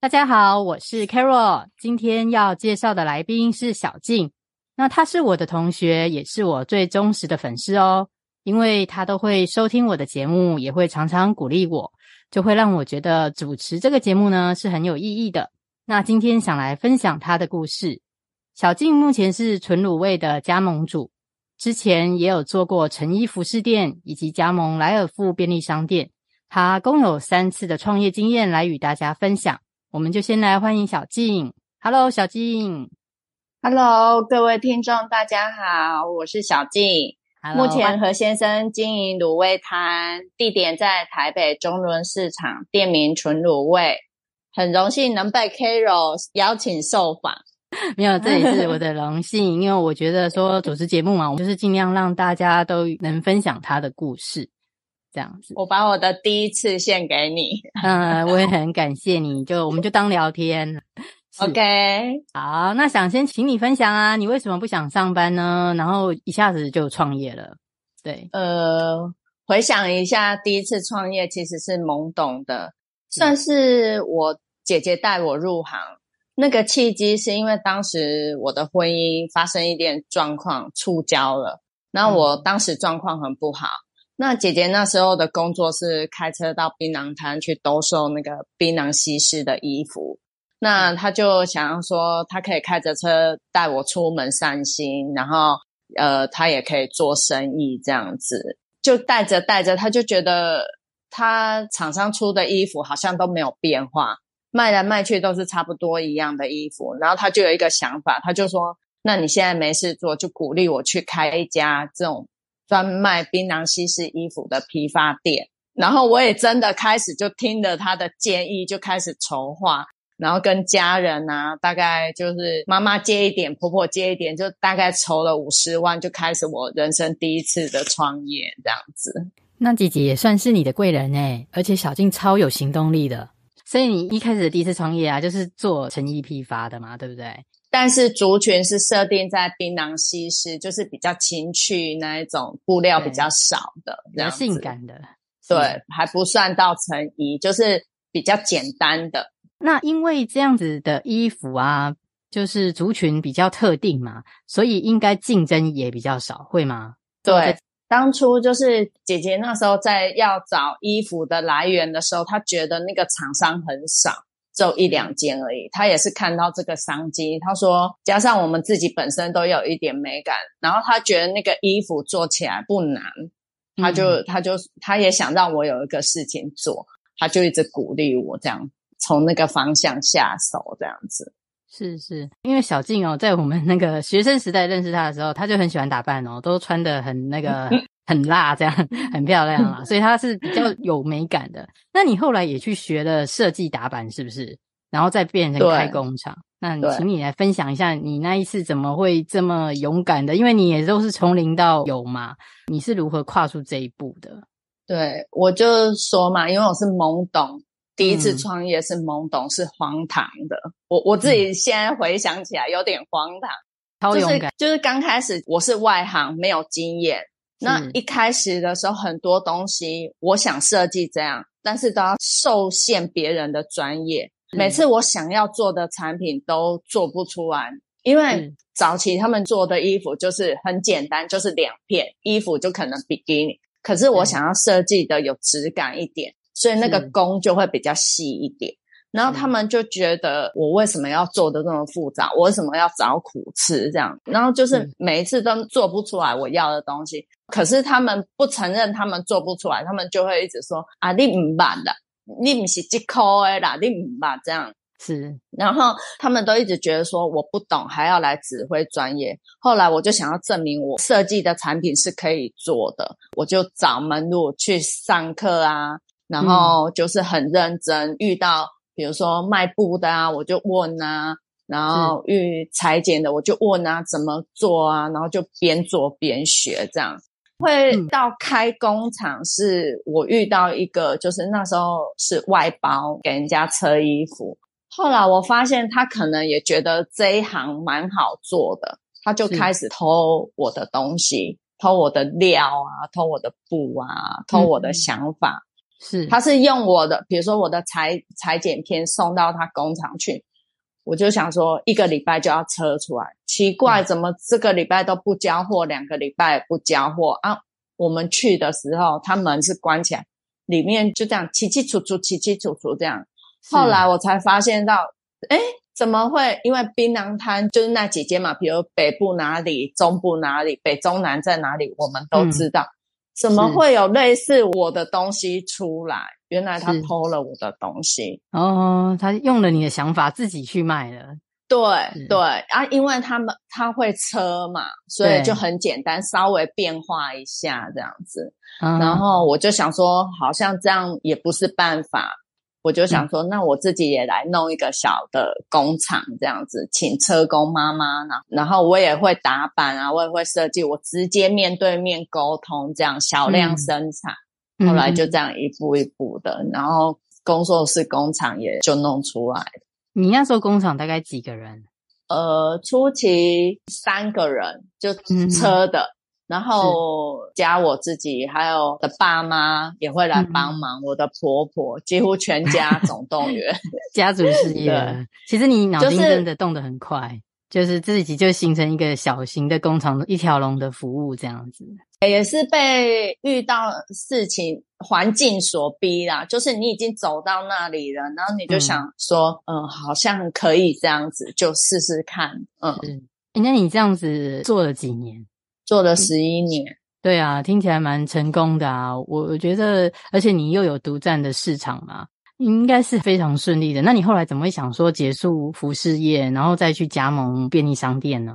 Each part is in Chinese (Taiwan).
大家好，我是 Carol。今天要介紹的來賓是曉靖，那她是我的同學，也是我最忠實的粉絲哦。因為她都會收聽我的節目，也會常常鼓勵我，就會讓我覺得主持這個節目呢是很有意義的。那今天想來分享她的故事。曉靖目前是醇滷味的加盟主，之前也有做過成衣服飾店以及加盟萊爾富便利商店。她共有三次的創業經驗來與大家分享。我們就先來歡迎曉靖。Hello，曉靖。Hello，各位聽眾，大家好，我是曉靖。Hello, 目前和先生經營滷味攤，地點在台北中崙市場，店名醇滷味。很榮幸能被 Carol 邀請受訪。沒有，這也是我的榮幸， 因為我覺得說主持節目嘛，我就是盡量讓大家都能分享他的故事。這樣子，我把我的第一次獻給你。嗯，我也很感謝你。 就我們就當聊天，OK。好，那想先請你分享啊，你為什麼不想上班呢？然後一下子就創業了。對，呃，回想一下，第一次創業其實是懵懂的，是算是我姐姐帶我入行。那個契機是因為當時我的婚姻發生一點狀況，觸礁了。那我當時狀況很不好。嗯那姐姐那時候的工作是開車到檳榔攤去兜售那個檳榔西施的衣服，那她就想要說，她可以開着車帶我出門散心，然後呃，她也可以做生意這樣子。就帶着帶着，她就覺得她廠商出的衣服好像都沒有變化，賣來賣去都是差不多一樣的衣服，然後她就有一個想法，她就說：“那你現在沒事做，就鼓勵我去開一家這種。”專賣檳榔西施衣服的批發店，然後我也真的開始就聽了他的建議就開始籌劃，然後跟家人啊，大概就是媽媽借一點，婆婆借一點，就大概籌了五十萬，就開始我人生第一次的創業這樣子。那姐姐也算是你的貴人誒、欸、而且曉靖超有行動力的，所以你一開始的第一次創業啊，就是做成衣批發的嘛，對不對？但是族群是設定在檳榔西施，就是比較情趣那一種，布料比較少的，比較對性感的。對，是還不算到成衣，就是比較簡單的。那因為這樣子的衣服啊，就是族群比較特定嘛，所以應該競爭也比較少，會嗎？對，這當初就是姐姐那時候在要找衣服的來源的時候，她覺得那個廠商很少。就一兩件而已，他也是看到這個商機。他說，加上我們自己本身都有一點美感，然後他覺得那個衣服做起來不難，他就、嗯、他就他也想讓我有一個事情做，他就一直鼓勵我這樣從那個方向下手，這樣子是是。因為曉靖哦，在我們那個學生時代認識他的時候，他就很喜歡打扮哦，都穿得很那個。 很辣，這樣很漂亮啦， 所以它是比較有美感的。那你後來也去學了設計打板，是不是？然後再變成開工廠。對那你請你來分享一下，你那一次怎麼會這麼勇敢的？因為你也都是從零到有嘛，你是如何跨出這一步的？對，我就說嘛，因為我是懵懂，第一次創業是懵懂，是荒唐的。嗯、我我自己現在回想起來有點荒唐，嗯就是、超勇敢，就是剛開始我是外行，沒有經驗。那一開始的時候，很多東西我想設計這樣，但是都要受限別人的專業。嗯、每次我想要做的產品都做不出來，因為早期他們做的衣服就是很簡單，就是兩片，衣服就可能比基尼。可是我想要設計的有質感一點，嗯、所以那個工就會比較細一點。然後他們就覺得我為什麼要做的那麼複雜，我為什麼要找苦吃這樣？然後就是每一次都做不出來我要的東西，是可是他們不承認他們做不出來，他們就會一直說啊，你不買啦，你不是這口的啦，你不買這，這樣是然後他們都一直覺得說我不懂，還要來指揮專業。後來我就想要證明我設計的產品是可以做的，我就找門路去上課啊，然後就是很認真遇到。比如說賣布的啊，我就問啊，然後遇裁剪的我就問啊，怎麼做啊？然後就邊做邊學，這樣。會到開工廠，是我遇到一個，就是那時候是外包給人家車衣服。後來我發現他可能也覺得這一行蠻好做的，他就開始偷我的東西，偷我的料啊，偷我的布啊，偷我的想法。是，他是用我的，比如說我的裁裁剪片送到他工廠去，我就想說一個禮拜就要車出來，奇怪，怎麼這個禮拜都不交貨，兩個禮拜也不交貨啊？我們去的時候，他門是關起來，裡面就這樣，淒淒楚楚，淒淒楚楚這樣。後來我才發現到，哎，怎麼會？因為檳榔攤就是那幾間嘛，比如北部哪裡，中部哪裡，北中南在哪裡，我們都知道，怎麼會有類似我的東西出來？原來他偷了我的東西哦，他用了你的想法自己去賣了。對是對啊，因為他們他會車嘛，所以就很簡單，對稍微變化一下這樣子。啊、然後我就想說，好像這樣也不是辦法。我就想說，嗯、那我自己也來弄一個小的工廠，這樣子，請車工媽媽呢、啊，然後我也會打板啊，我也會設計，我直接面對面溝通，這樣小量生產。嗯、後來就這樣一步一步的，嗯、然後工作室工廠也就弄出來。你那時候工廠大概幾個人？呃，初期三個人，就車的。嗯然後加我自己，是還有的爸媽也會來幫忙。嗯、我的婆婆，幾乎全家總動員， 家族事業。對其實你腦筋真的動得很快，就是、就是自己就形成一個小型的工廠，一條龍的服務這樣子。也是被遇到事情環境所逼啦，就是你已經走到那裡了，然後你就想說，嗯，嗯，好像可以這樣子，就試試看。嗯，那你這樣子做了幾年？做了十一年。嗯，對啊，聽起來蠻成功的啊。我我覺得，而且你又有獨佔的市場嘛，應該是非常順利的。那你後來怎麼會想說結束服飾業，然後再去加盟便利商店呢？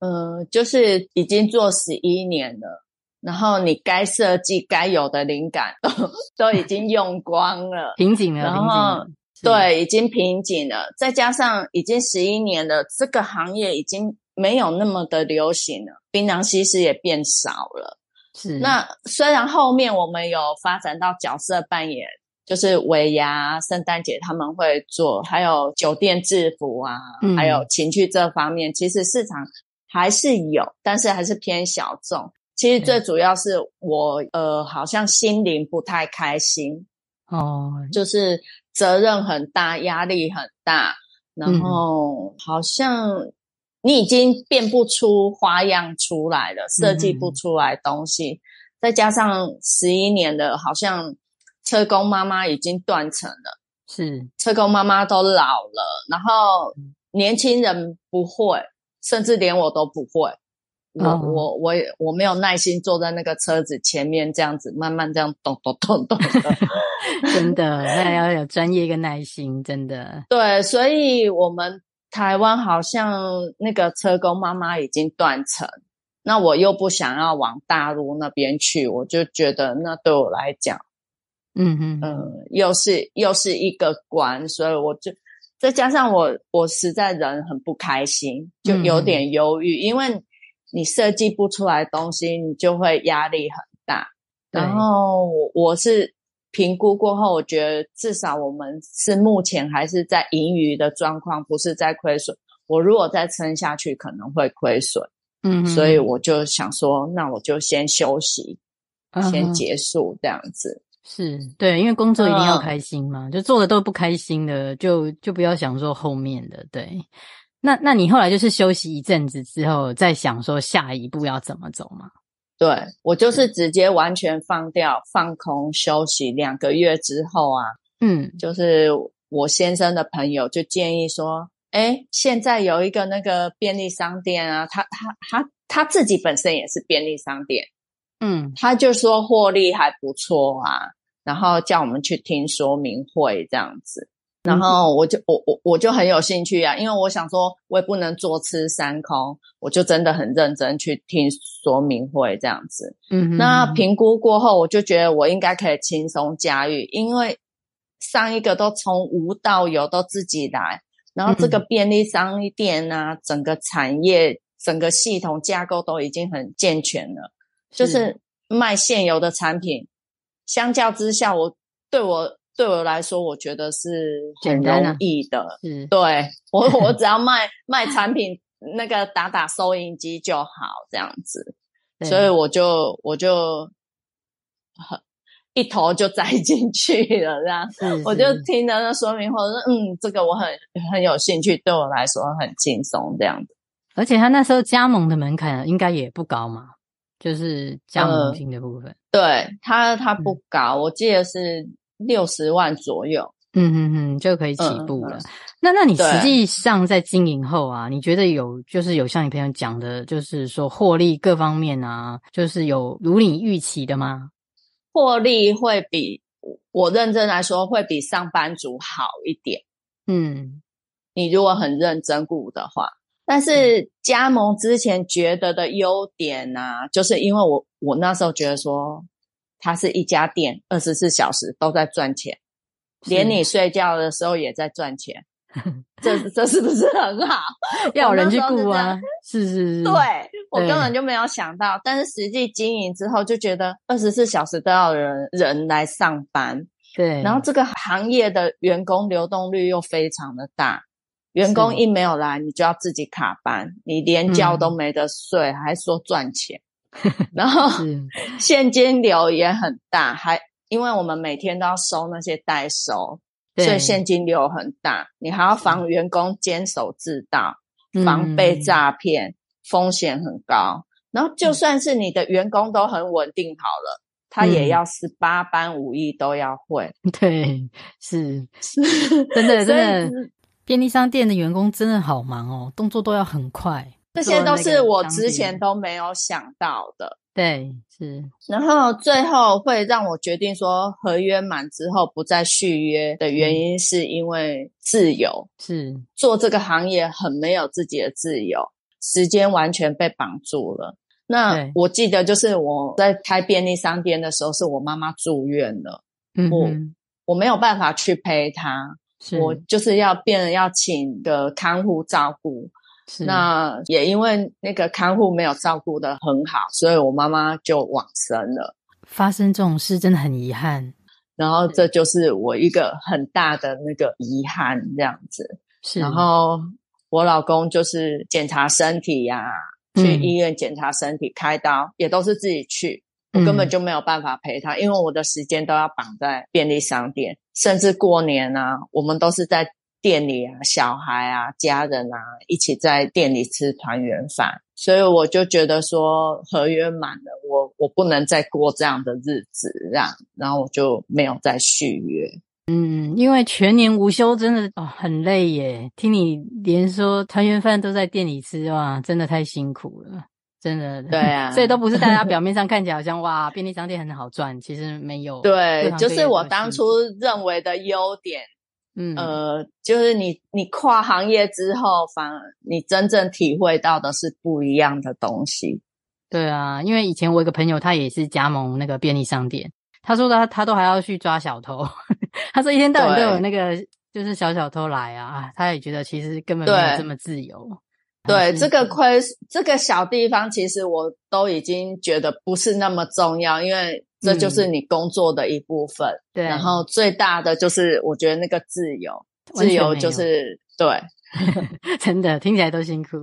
呃、嗯，就是已經做十一年了，然後你該設計、該有的靈感都都已經用光了， 瓶頸了。瓶頸了，然後對，已經瓶頸了，再加上已經十一年了，這個行業已經。沒有那麼的流行了，檳榔西施也變少了。是，那雖然後面我們有發展到角色扮演，就是尾牙、聖誕節他們會做，還有酒店制服啊，嗯、還有情趣這方面，其實市場還是有，但是還是偏小眾。其實最主要是我、嗯、呃，好像心靈不太開心哦，就是責任很大，壓力很大，然後、嗯、好像。你已經變不出花樣出來了，設計不出來東西，嗯、再加上十一年的，好像車工媽媽已經斷層了，是車工媽媽都老了，然後年輕人不會，甚至連我都不會，我、嗯、我我我沒有耐心坐在那個車子前面這樣子慢慢這樣咚咚咚咚的， 真的，那要有專業跟耐心，真的 對，所以我們。台灣好像那個車工媽媽已經斷層，那我又不想要往大陸那邊去，我就覺得那對我來講，嗯嗯哼嗯、呃，又是又是一個關，所以我就再加上我我實在人很不開心，就有點憂鬱，嗯、哼因為你設計不出來東西，你就會壓力很大，對然後我我是。評估過後，我覺得至少我們是目前還是在盈餘的狀況，不是在虧損。我如果再撐下去，可能會虧損。嗯，哼嗯，所以我就想說，那我就先休息，啊、哼先結束這樣子。是，對，因為工作一定要開心嘛，啊、就做的都不開心的，就就不要想說後面的。對，那那你後來就是休息一陣子之後，再想說下一步要怎麼走嘛。對，我就是直接完全放掉，嗯，放空、休息兩個月之後啊，嗯，就是我先生的朋友就建議說，誒，現在有一個那個便利商店啊，他他他他，他自己本身也是便利商店，嗯，他就說獲利還不錯啊，然後叫我們去聽說明會這樣子。然後我就我我我就很有興趣啊，因為我想說，我也不能坐吃山空，我就真的很認真去聽說明會這樣子。嗯哼，那評估過後，我就覺得我應該可以輕鬆駕馭，因為上一個都從無到有都自己來，然後這個便利商店啊，嗯哼，整個產業整個系統架構都已經很健全了，是就是賣現有的產品，相較之下我，我對我。對我來說，我覺得是很容易的。嗯、啊，對我，我只要賣賣產品， 那個打打收銀機就好，這樣子。嘛所以我就我就一頭就栽進去了，這樣。是是我就聽了那說明，或者說，嗯，這個我很很有興趣，對我來說很輕鬆這樣。而且他那時候加盟的門檻應該也不高嘛，就是加盟金的部分。呃、對他，他不高，嗯、我記得是。六十萬左右，嗯嗯嗯，就可以起步了。嗯嗯、那那你實際上在經營後啊，對你覺得有就是有像你朋友講的，就是說獲利各方面啊，就是有如你預期的嗎？獲利會比我認真來說會比上班族好一點。嗯，你如果很認真顧的話，但是加盟之前覺得的優點啊，嗯、就是因為我我那時候覺得說。它是一家店，二十四小時都在賺錢，連你睡覺的時候也在賺錢，是 這這是不是很好？要有人去顧啊？ 是，是，是是是，對我根本就沒有想到，對但是實際經營之後就覺得二十四小時都要人人來上班。對，然後這個行業的員工流動率又非常的大，員工一沒有來，你就要自己卡班，你連覺都沒得睡，嗯、哼還說賺錢。 然後是現金流也很大，還因為我們每天都要收那些代收，對所以現金流很大。你還要防員工監守自盜，是防被詐騙，嗯、風險很高。然後就算是你的員工都很穩定好了，嗯、他也要十八般武藝都要會，嗯。對，是，真的是 真的，真的是便利商店的員工真的好忙哦，動作都要很快。這些都是我之前都沒有想到的，的對，是。是然後最後會讓我決定說合約滿之後不再續約的原因，是因為自由，嗯、是做這個行業很沒有自己的自由，時間完全被綁住了。那對我記得就是我在開便利商店的時候，是我媽媽住院了，嗯、哼我我沒有辦法去陪她，是我就是要變要請個看護照顧。是那也因為那個看護沒有照顧得很好，所以我媽媽就往生了。發生這種事真的很遺憾，然後這就是我一個很大的那個遺憾，這樣子。是然後我老公就是檢查身體呀、啊，嗯、去醫院檢查身體、開刀也都是自己去，我根本就沒有辦法陪他，嗯、因為我的時間都要綁在便利商店，甚至過年啊，我們都是在。店裡啊，小孩啊，家人啊，一起在店裡吃團圓飯，所以我就覺得說合約滿了，我我不能再過這樣的日子，這樣，然後我就沒有再續約。嗯，因為全年無休真的哦很累耶，聽你連說團圓飯都在店裡吃哇，真的太辛苦了，真的，對啊， 所以都不是大家表面上看起來好像哇，便利商店很好賺，其實沒有，對，就，就是我當初認為的優點。嗯，呃，就是你你跨行業之後，反而你真正體會到的是不一樣的東西。對啊，因為以前我一個朋友，他也是加盟那個便利商店，他說他他都還要去抓小偷， 他說一天到晚對都有那個就是小、小偷來啊，他也覺得其實根本沒有這麼自由。對，是對，這個虧這個小地方，其實我都已經覺得不是那麼重要，因為。這就是你工作的一部分，嗯、對。然後最大的就是，我覺得那個自由，自由就是對。 真的聽起來都辛苦，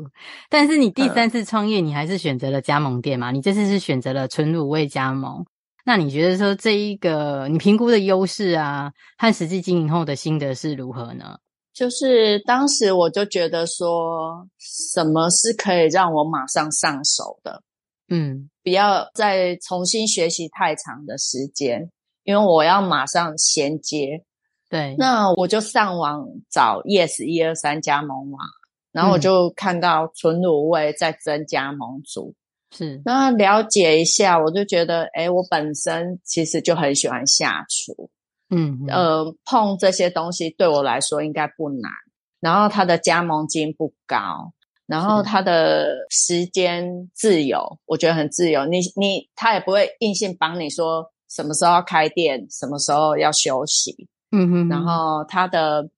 但是你第三次創業，呃、你還是選擇了加盟店嘛？你這次是選擇了醇滷味加盟。那你覺得說這一個你評估的優勢啊，和實際經營後的心得是如何呢？就是當時我就覺得說，什麼是可以讓我馬上上手的？嗯。不要再重新學習太長的時間，因為我要馬上銜接。對，那我就上網找 yes 一二三加盟網，然後我就看到醇滷味在增加盟主、嗯，是那了解一下，我就覺得，哎、欸，我本身其實就很喜歡下廚，嗯哼呃，碰這些東西對我來說應該不難，然後它的加盟金不高。然後他的時間自由，是我覺得很自由。你你他也不會硬性幫你說什麼時候要開店，什麼時候要休息。嗯哼，哼。然後他的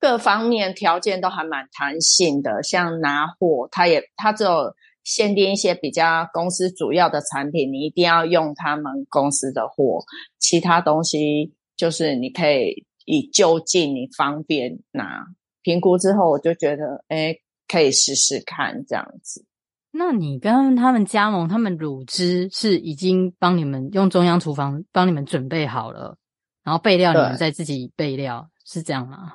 各方面條件都還蠻彈性的，像拿貨，他也他只有限定一些比較公司主要的產品，你一定要用他們公司的貨，其他東西就是你可以以就近你方便拿。評估之後，我就覺得誒可以試試看這樣子。那你跟他們加盟，他們滷汁是已經幫你們用中央廚房幫你們準備好了，然後備料你們再自己備料，對是這樣嗎？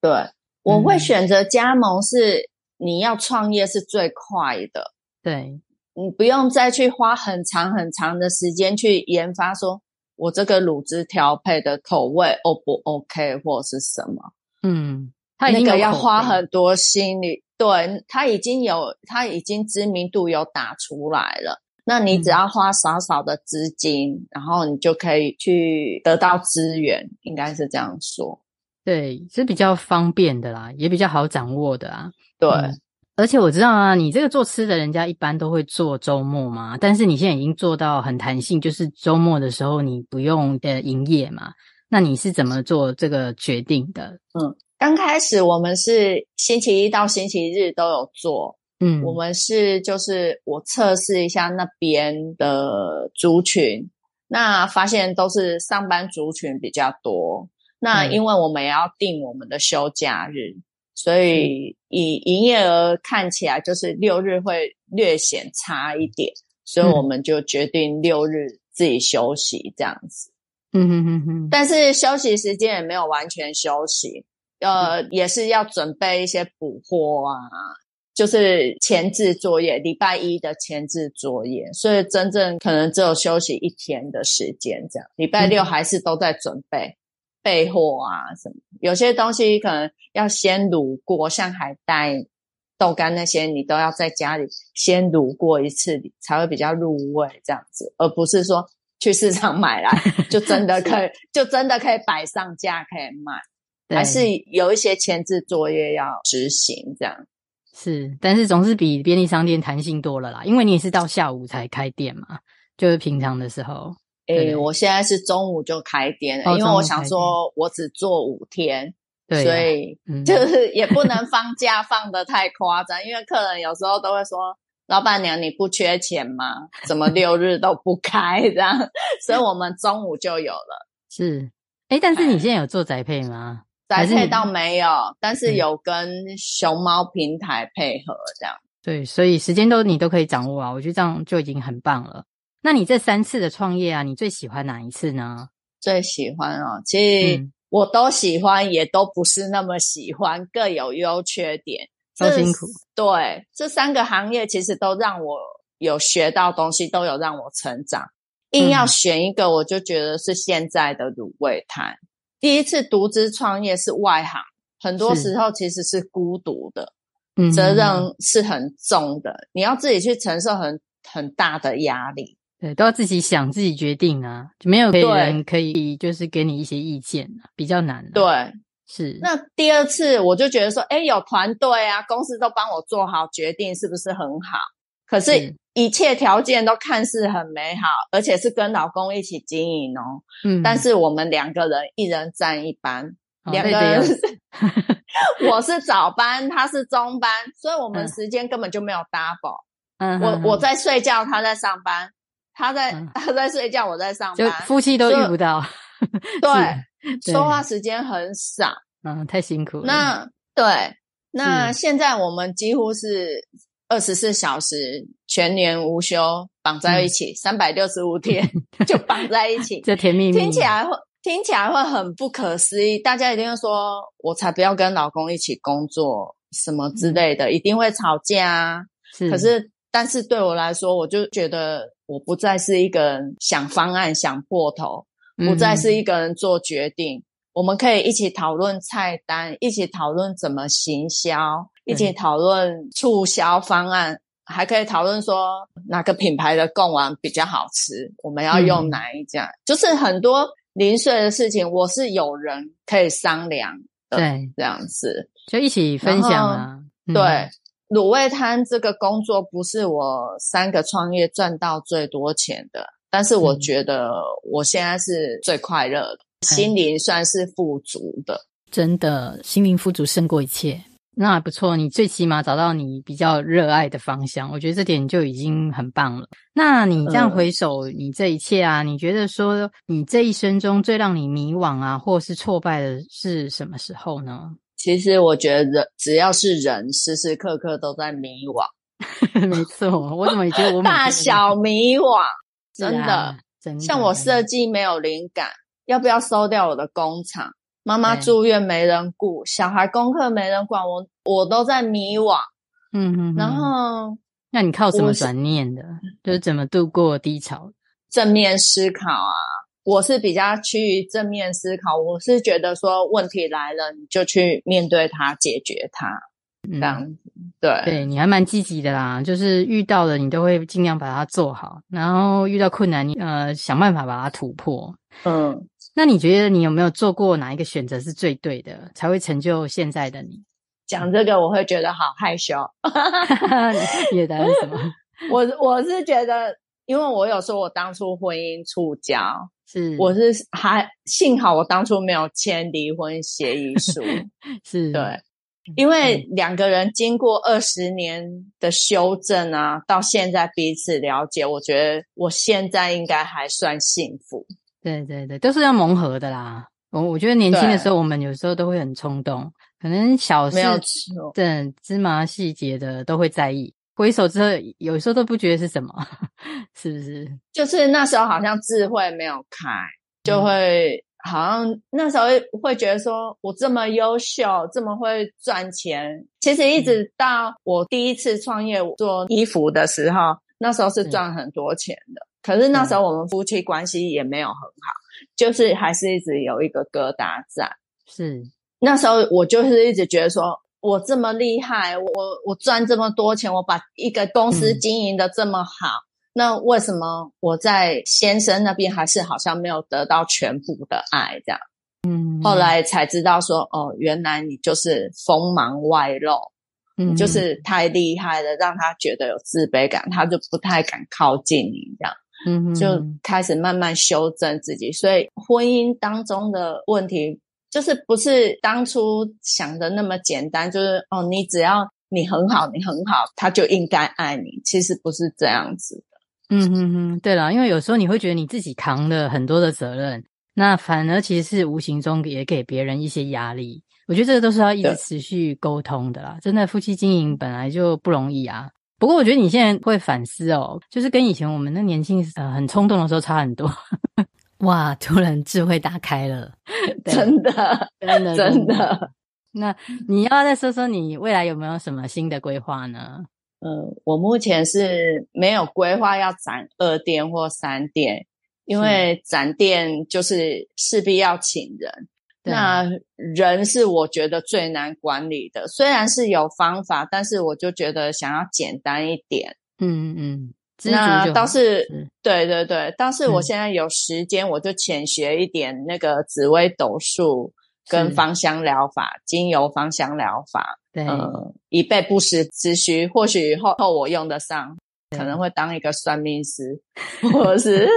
對，嗯、我會選擇加盟，是你要創業是最快的，對，你不用再去花很長很長的時間去研發，說我這個滷汁調配的口味 O 不 OK 或是什麼，嗯。那個要花很多心力，對，他已經有，他已經知名度，有打出來了。那你只要花少少的資金，嗯、然後你就可以去得到資源，應該是這樣說。對，是比較方便的啦，也比較好掌握的啊。對、嗯，而且我知道啊，你這個做吃的，人家一般都會做周末嘛。但是你現在已經做到很彈性，就是周末的時候你不用呃營業嘛。那你是怎麼做這個決定的？嗯。剛開始我們是星期一到星期日都有做，嗯，我們是就是我測試一下那邊的族群，那發現都是上班族群比較多。那因為我們也要定我們的休假日，嗯，所以以營業額看起來就是六日會略顯差一點，所以我們就決定六日自己休息這樣子。嗯哼哼哼，但是休息時間也沒有完全休息。呃，也是要準備一些補貨啊，就是前置作業，禮拜一的前置作業，所以真正可能只有休息一天的時間，這樣禮拜六還是都在準備備貨啊什麼。有些東西可能要先滷過，像海帶、豆乾那些，你都要在家裡先滷過一次，才會比較入味這樣子，而不是說去市場買來就真的可以， 是就真的可以擺上架可以賣。對還是有一些前置作業要執行，這樣是，但是總是比便利商店彈性多了啦，因為你也是到下午才開店嘛，就是平常的時候。哎、欸，我現在是中午就開店，哦、開店因為我想說我只做五天，對啊，所以就是也不能放假放得太誇張，嗯、 因為客人有時候都會說，老闆娘你不缺錢嗎？怎麼六日都不開這樣？ 所以我們中午就有了。是，哎、欸，但是你現在有做宅配嗎？宅配倒沒有，是但是有跟熊貓平台配合這樣。嗯、對，所以時間都你都可以掌握啊，我覺得這樣就已經很棒了。那你這三次的創業啊，你最喜歡哪一次呢？最喜歡啊、哦，其實、嗯、我都喜歡，也都不是那麼喜歡，各有優缺點。都辛苦。對，這三個行業其實都讓我有學到東西，都有讓我成長。硬要選一個，嗯、我就覺得是現在的滷味攤。第一次獨資創業是外行，很多時候其實是孤獨的，嗯，責任是很重的，你要自己去承受很很大的壓力，對，都要自己想自己決定啊，沒有別人可以就是給你一些意見啊，比較難啊。對，是。那第二次我就覺得說，欸，有團隊啊，公司都幫我做好決定，是不是很好？可是，一切條件都看似很美好，而且是跟老公一起經營哦。嗯，但是我們兩個人一人佔一班，兩個人，我是早班，他是中班，所以我們時間根本就沒有 double。嗯，我我在睡覺，他在上班；他在他在睡覺，我在上班，就夫妻都遇不到。對，說話時間很少。嗯，太辛苦。那對，那現在我們幾乎是，二十四小時全年無休綁在一起，三百六十五天就綁在一起， 這甜蜜蜜。聽起來會聽起來會很不可思議，大家一定會說：“我才不要跟老公一起工作什麼之類的，嗯、一定會吵架、啊。是”可是，但是對我來說，我就覺得我不再是一個人想方案、嗯、想破頭，不再是一個人做決定。嗯、我們可以一起討論菜單，一起討論怎麼行銷。對一起討論促銷方案，還可以討論說哪個品牌的貢丸比較好吃，我們要用哪一家，嗯、就是很多零碎的事情，我是有人可以商量的。對，這樣子就一起分享啊後、嗯、對，滷味攤這個工作不是我三個創業賺到最多錢的，但是我覺得我現在是最快樂的，嗯、心靈算是富足的。真的，心靈富足勝過一切。那還不錯，你最起碼找到你比較熱愛的方向，我覺得這點就已經很棒了。那你這樣回首，呃、你這一切啊，你覺得說你這一生中最讓你迷惘啊，或是挫敗的是什麼時候呢？其實我覺得，只要是人，時時刻刻都在迷惘。 沒錯，我怎麼也覺得我 大小迷惘，真的，真的，像我設計沒有靈感， 要不要收掉我的工廠？媽媽住院沒人顧，欸、小孩功課沒人管，我我都在迷惘。嗯哼，哼，然後，那你靠什麼轉念的？是就是怎麼度過低潮？正面思考啊！我是比較趨於正面思考。我是覺得說，問題來了，你就去面對它，解決它。這樣子，嗯對對，你還蠻積極的啦。就是遇到了，你都會盡量把它做好。然後遇到困難你，你呃想辦法把它突破。嗯。那你覺得你有沒有做過哪一個選擇是最對的，才會成就現在的你？講這個我會覺得好害羞。哈哈哈你也得是什麼？我是我是覺得，因為我有說，我，我當初婚姻觸礁是，我是還幸好我當初沒有簽離婚協議書， 是對，因為兩個人經過二十年的修正啊，到現在彼此了解，我覺得我現在應該還算幸福。對對對，都是要磨合的啦。我我覺得年輕的時候，我們有時候都會很衝動，對可能小時候，對芝麻細節的都會在意。回首之後，有時候都不覺得是什麼，是不是？就是那時候好像智慧沒有開，嗯、就會好像那時候會覺得說，我這麼優秀，這麼會賺錢。其實一直到我第一次創業做衣服的時候，那時候是賺很多錢的。嗯可是那時候我們夫妻關係也沒有很好，嗯、就是還是一直有一個疙瘩在。是，那時候我就是一直覺得說，我這麼厲害，我我賺這麼多錢，我把一個公司經營得這麼好，嗯、那為什麼我在先生那邊還是好像沒有得到全部的愛？這樣，嗯，後來才知道說，哦，原來你就是鋒芒外露，嗯，就是太厲害了，讓他覺得有自卑感，他就不太敢靠近你這樣。嗯哼，就開始慢慢修正自己，所以婚姻當中的問題就是不是當初想的那麼簡單，就是哦，你只要你很好，你很好，他就應該愛你，其實不是這樣子的。嗯哼哼，對了，因為有時候你會覺得你自己扛了很多的責任，那反而其實是無形中也給別人一些壓力。我覺得這個都是要一直持續溝通的啦，對真的夫妻經營本來就不容易啊。不過我覺得你現在會反思哦，就是跟以前我們那年輕時呃很衝動的時候差很多。 哇，突然智慧打開了，真的，真的，真的，真的。那你要再說說你未來有沒有什麼新的規劃呢？呃、嗯，我目前是沒有規劃要展二店或三店，因為展店就是勢必要請人。那人是我覺得最難管理的，雖然是有方法，但是我就覺得想要簡單一點。嗯嗯嗯，嗯那倒是，對對對，但是我現在有時間，我就淺學一點那個紫微斗數跟芳香療法、是精油芳香療法，對，以備、嗯、不時之需，或許後後我用得上。可能會當一個算命師， 或是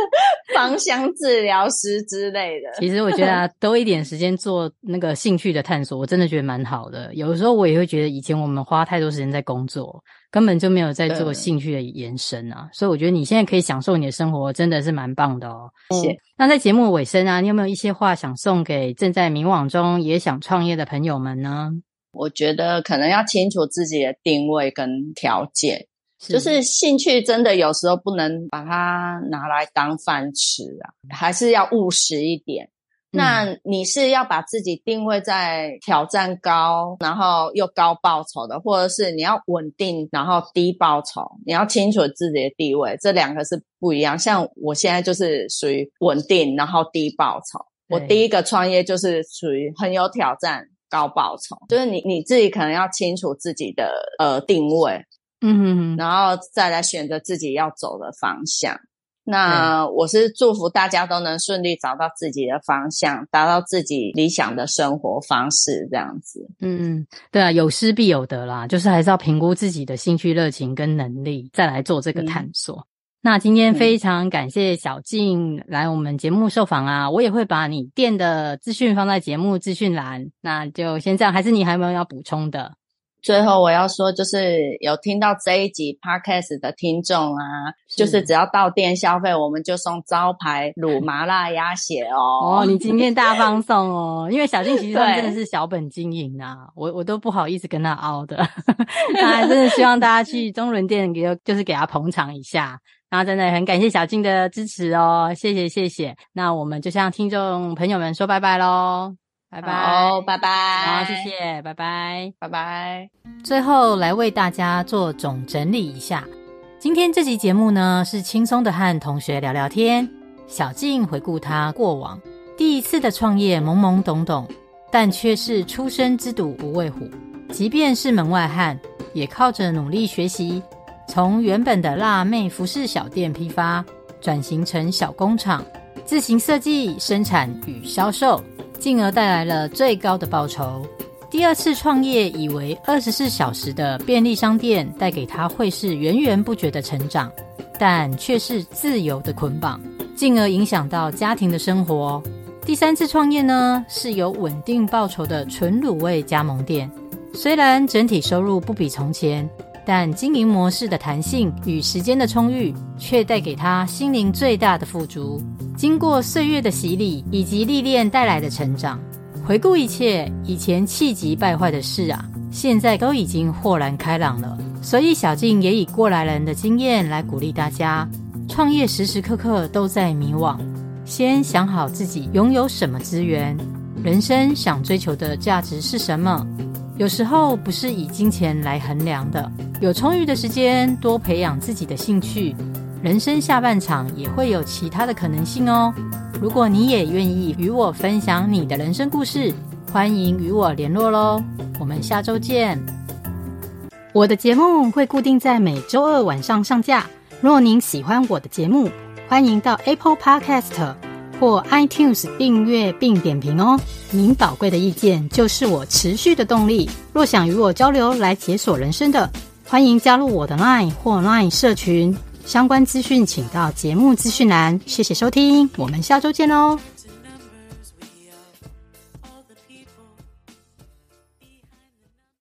芳香治療師之類的。 其實我覺得啊，多一點時間做那個興趣的探索，我真的覺得蠻好的。有的時候我也會覺得，以前我們花太多時間在工作，根本就沒有在做興趣的延伸啊。對所以我覺得你現在可以享受你的生活，真的是蠻棒的哦。謝謝，嗯。那在節目的尾聲啊，你有沒有一些話想送給正在迷惘中也想創業的朋友們呢？我覺得可能要清楚自己的定位跟條件。是，就是興趣真的有時候不能把它拿來當飯吃啊，還是要務實一點。那你是要把自己定位在挑戰高，然後又高報酬的，或者是你要穩定，然後低報酬？你要清楚自己的地位，這兩個是不一樣。像我現在就是屬於穩定，然後低報酬。對我第一個創業就是屬於很有挑戰、高報酬，就是你你自己可能要清楚自己的呃定位。嗯，哼哼，然後再來選擇自己要走的方向。那我是祝福大家都能順利找到自己的方向，達到自己理想的生活方式，這樣子。嗯，對啊，有失必有得啦，就是還是要評估自己的興趣、熱情跟能力，再來做這個探索。嗯、那今天非常感謝曉靖來我們節目受訪啊，我也會把你店的資訊放在節目資訊欄。那就先這樣，還是你還有沒有要補充的？最後我要說，就是有聽到這一集 podcast 的聽眾啊，是就是只要到店消費，我們就送招牌滷麻辣鴨血哦。嗯、哦，你今天大放送哦， 因為曉靖其實真的是小本經營啊，對我我都不好意思跟他凹的， 那還真的希望大家去中崙店給 就是給他捧場一下，那真的很感謝曉靖的支持哦，謝謝謝謝。那我們就向聽眾朋友們說拜拜嘍。拜拜，拜拜，oh, bye bye，好，謝謝，拜拜，拜拜。最後來為大家做總整理一下。今天這集節目呢，是輕鬆的和同學聊聊天。小靜回顧她過往第一次的創業，懵懵懂懂，但卻是初生之犢無畏虎。即便是門外漢，也靠着努力學習，從原本的辣妹服飾小店批發，轉型成小工廠，自行設計、生產與銷售。進而帶來了最高的報酬。第二次創業，以為二十四小時的便利商店帶給他會是源源不絕的成長，但卻是自由的捆綁，進而影響到家庭的生活。第三次創業呢，是有穩定報酬的純滷味加盟店，雖然整體收入不比從前。但經營模式的彈性與時間的充裕，卻帶給他心靈最大的富足。經過歲月的洗禮以及歷練帶來的成長，回顧一切，以前氣急敗壞的事啊，現在都已經豁然開朗了。所以曉靖也以過來人的經驗來鼓勵大家：創業時時刻刻都在迷惘，先想好自己擁有什麼資源，人生想追求的價值是什麼。有時候不是以金錢來衡量的，有充裕的時間，多培養自己的興趣，人生下半場也會有其他的可能性哦。如果你也願意與我分享你的人生故事，歡迎與我聯絡嘍。我們下週見。我的節目會固定在每週二晚上上架。若您喜歡我的節目，歡迎到 Apple Podcast。或 iTunes 訂閱並點評哦，您寶貴的意見就是我持續的動力。若想與我交流來解鎖人生的，歡迎加入我的 LINE 或 LINE 社群，相關資訊請到節目資訊欄。謝謝收聽，我們下周見哦。